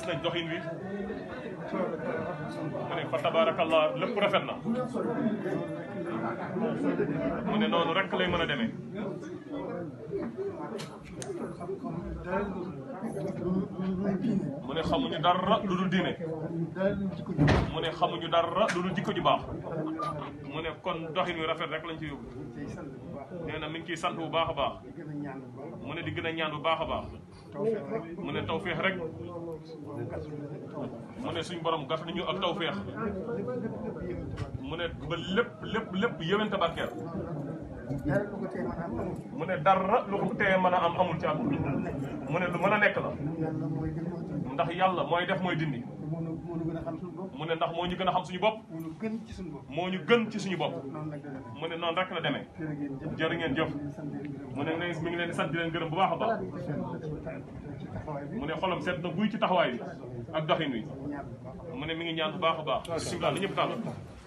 gis wi mu ne lépp rafet na mu ne noonu rek lay mën a demee mu ne xamuñu dara lu dul diine mu ne xamuñu dara lu dul jikko ji baax mu ne kon doxin wi rafet rek lañ ci yóbbu nee na mi ciy sant bu baax a baax mu ne di gën a ñaan bu baax a baax mu ne tawféex rek mu ne suñ borom gas nañu ak tawféex mu ne ba lépp lépp lépp yéwente barkeel mu ne dara lu ko teye mën a am amul ci mu ne lu mën a nekk la ndax yàlla mooy def mooy dindi moo a xam suñu mu ne ndax moo ñu gën a xam suñu bopp moo ñu gën ci suñu bopp moo ñu gën ci suñu bopp mu ne noonu rek la demee jërë ngeen jëf mu ne ne mi ngi leen di sant di leen gërëm bu baax a baax mu ne xolam seet na guy ci taxawaay bi ak doxin wi mu ne mi ngi ñaan bu baax a baax bisimilah na ñëpp tàll